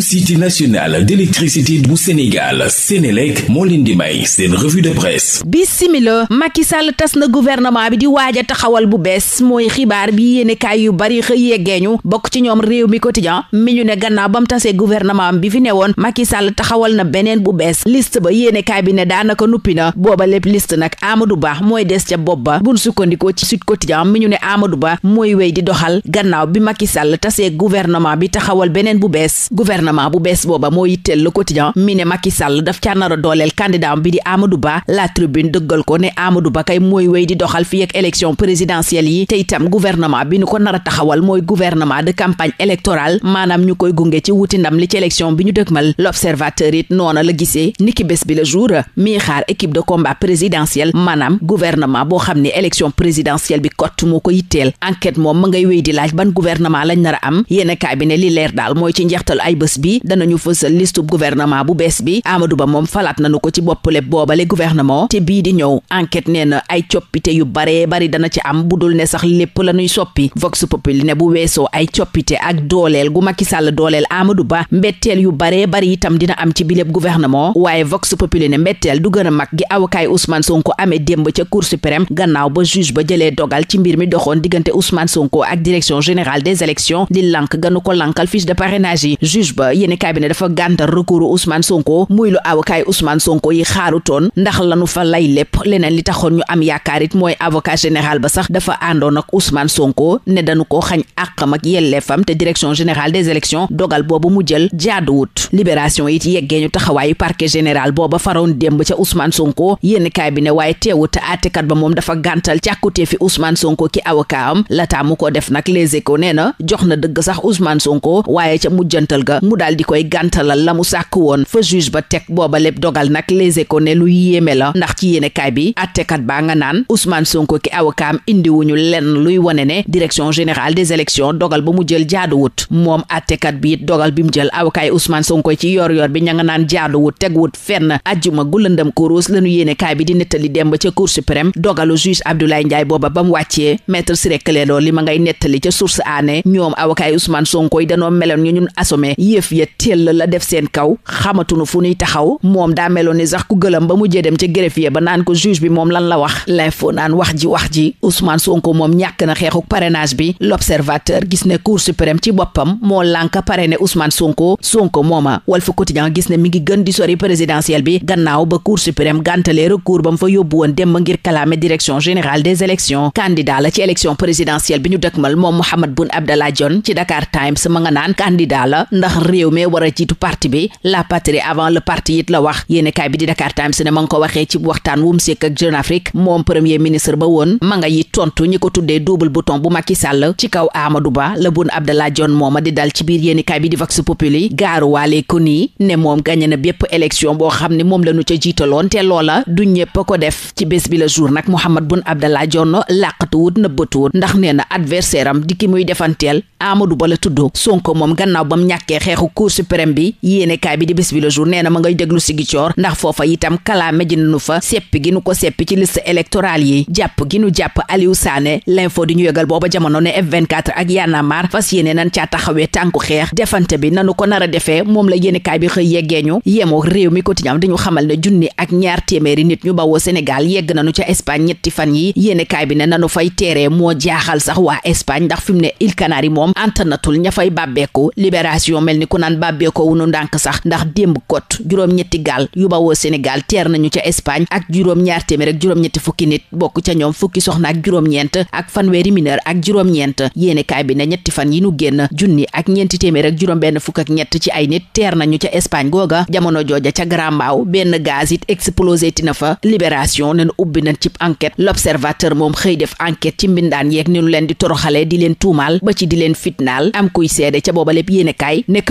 société nationale d'électricité bu Sénégal Sénélec moo leen tas na gouvernement bi di waaj a taxawal bu bees mooy xibaar bi yéenekaay yu bari xëy yeggeeñu bokk ci ñoom réew mi quotidien mi ñu ne gannaaw ba tasee gouvernement bi fi newoon Macky Sall taxawal na beneen bu bees liste ba yéenekaay bi ne daanaka nuppi na booba lépp liste nag Amadou Ba mooy des ca bopp ba buñ sukkandikoo ci Sud Quotidien mi ñu ne Amadou Ba mooy wéy di doxal gannaaw bi Macky tasee gouvernement bi taxawal beneen bu bees gouvernement bu bees booba moo yitteel le quotidien mi ne Macky Sall daf caa nar a dooleel candidat bi di Amadou Ba la tribune dëggal ko ne Amadou Ba kay mooy wéy di doxal fii ak élection présidentielle yi te itam gouvernement bi ñu ko nar a taxawal mooy gouvernement de campagne électorale maanaam ñu koy gunge ci wuti ndam li ci élection bi ñu dëgmal l'observateur it noona la gisee niki bés bi le jour mi xaar équipe de combat présidentielle maanaam gouvernement boo xam ne a bés bi danañu fësal listub gouvernement bu bees bi Amadou Ba moom falaat nañu ko ci boppale boobale gouvernement te bii di ñëw enquête nee na ay coppite yu baree bari dana ci am bu dul ne sax lépp la ñuy soppi vox populi ne bu weesoo ay coppite ak dooleel gu Macky Sall dooleel ama du Ba mbetteel yu baree bari itam dina am ci biléb gouvernement waaye vox populi ne mbetteel du gën a mag gi awakaay Ousmane Sonko amee démb ca Cour suprême gannaaw ba juge ba jëlee dogal ci mbir mi doxoon diggante Ousmane Sonko ak direction générale des élections di ba yéene kaay bi ne dafa gàntal recours Ousmane Sonko muy lu avocat yi Ousmane Sonko yi xaarutoon ndax lanu fa lay lépp leneen li taxoon ñu am yaakaar it mooy avocat général ba sax dafa àndoon ak Ousmane Sonko ne dañu ko xañ àqam ak yelleefam te direction général des élections dogal boobu mu jël jaaduwut libération it yeggee ñu taxawaayu parquet général booba faroon demb ca usman Sonko yéene kaay bi ne waaye te àttekat ba moom dafa gàntal càkkutee fi Ousmane Sonko ki avocat am lataa mu ko def nag les échos nee na jox na dëgg sax Ousmane Sonko waaye ca mujjantal ga mu daal di koy gàntalal la mu sàkk woon fa juge ba teg booba lépp dogal nag les échos ne lu yéeme la ndax ci yéenekaay bi attekat baa nga naan Ousmane Sonko ki awakaam indiwuñu lenn luy wone ne direction général des élections dogal ba mu jël wut moom attekat bi dogal bi mu jël awakaay Ousmane Sonko ci yor yor bi ña nga naan jaad teg tegwut fenn ajjuma gu lëndëm kuruus lañu yéenekaay bi di nettali demb ca cour suprême dogalu juge Abdoulaye Ndiaye booba ba mu wàccee maître Ciré Clédor Ly ma ngay nettali ca source aané ñoom awakaay Ousmane Sonko yëf ya teel la def seen kaw xamatunu fu nuy taxaw moom daa meloon ni sax ku gëlëm ba mu jee dem ca greffier ba naan ko juge bi moom lan la wax l'info naan wax ji wax ji Ousmane Sonko moom ñàkk na xeexu parrainage bi l'observateur gis ne cour suprême ci boppam moo lànk parrainé Ousmane Sonko Sonko mooma Walf Quotidien gis ne mi ngi gën di sori présidentielle bi gannaaw ba cour suprême gàntalee a ba mu fa yóbbu woon dem ngir kalaame direction générale des élections candidat la ci élection présidentielle bi ñu dëkkmal moom Mouhamed Boun Abdallah Dionne ci Dakar réew mi war a jiitu parti bi la patrie avant le parti it la wax yéene bi di Dakar Times ne ma ngi ko waxee ci waxtaan wu mu sekk ak Jeune Afrique moom premier ministre ba woon ma nga yi tontu ñi ko tuddee double bouton bu Macky Sall ci kaw Amadou Ba la bun Abdallah John mooma di dal ci biir yéene kaay bi di Vox Populi gaaruwaale ko nii ne moom gàñe na bépp élection boo xam ne moom la ñu ca jiitaloon te loola du ñépp ko def ci bés bi la jour nag Mouhamad bun Abdallah John làqatuwut nëbbatuwut ndax nee na adversaire am di ki muy defanteel Amadou Ba la tudd Sonko moom gannaaw bam ñàkkee xeex xeexu cour suprême bi yéenekaay bi di bés bi le nee na ma ngay déglu Ziguinchor ndax foofa itam kalaame ji nu fa seppi gi nu ko seppi ci liste électorale yi jàpp gi nu jàpp Aliou Sané l'info di ñu yëgal booba jamono ne F24 ak Y'en a marre fas yéene nan caa taxawee tànku xeex defante bi nanu ko nar a defee moom la yéenekaay bi xëy yeggeeñu yemoo réew mi quotidien dañu xamal ne junni ak ñaar téeméeri nit ñu bawoo Sénégal yegg na nanu ca Espagne ñetti fan yi yéenekaay bi ne na nanu fay teeree moo jaaxal sax waa Espagne ndax fi mu ne Îles Canaries moom antanatul ña fay bàbbeeku libération mel ni ku naan bàbbee ko wunu ndànk sax ndax démb kot juróom-ñetti gaal yu bawoo Sénégal teer nañu ca Espagne ak juróom-ñaar téeméer ak juróom-ñetti fukki nit bokk ca ñoom fukki soxna ak juróom-ñeent ak fanweeri mineur ak juróom-ñeent yéene kaay bi ne ñetti fan yi nu génn junni ak ñeenti téeméer ak juróom-benn fukk ak ñett ci ay nit teer nañu ca Espagne googa jamono jooja ca Grand Mbao benn gaz it explosé tina fa libération nu ubbi nañ ci enquête l'observateur moom xëy def enquête ci mbindaan yeeg ni nu leen di toroxale di leen tuumaal ba ci di leen fitnaal am kuy seede ca booba lépp yéene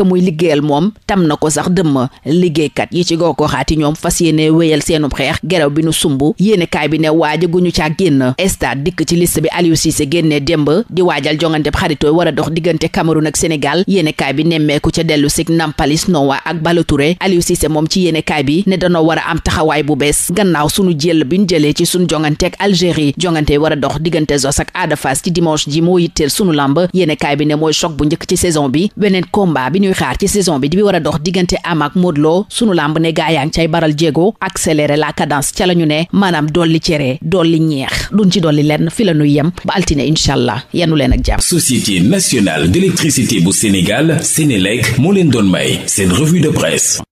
muy liggéeyal moom tam na ko sax dëmm liggéeykat yi ci goo ko xaati ñoom fas yéene wéyal seenub xeex gerew bi nu sumb yéene bi ne waaja guñu caa génn stade dikk ci liste bi Aliou génnee démb di waajal jongante b war a dox diggante Cameroun ak Sénégal yéene bi nemmeeku ca dellu sig Nampalys Noah ak Balotouré Aliou Cissé moom ci yéene bi ne danoo war a am taxawaay bu bees gannaaw sunu jël bi ñu jëlee ci sunu jongante ak Algérie jongante war a dox diggante Zos ak Ada Fass ci dimanche ji moo yitteel sunu lamb yéene kaay bi ne mooy choc bu njëkk ci saison bi beneen combat bi ñuy xaar ci saison bi di bi war a dox diggante am ak Modou Lo sunu làmb ne gaa yaa ngi cay baral jéego accélérer la cadence ca la ñu ne maanaam dolli cere dolli ñeex duñ ci dolli lenn fi la ñuy yem ba altine incha allah yenu leen ak jàmm. Société nationale d'électricité bu Sénégal Sénélec moo may seen revue de presse.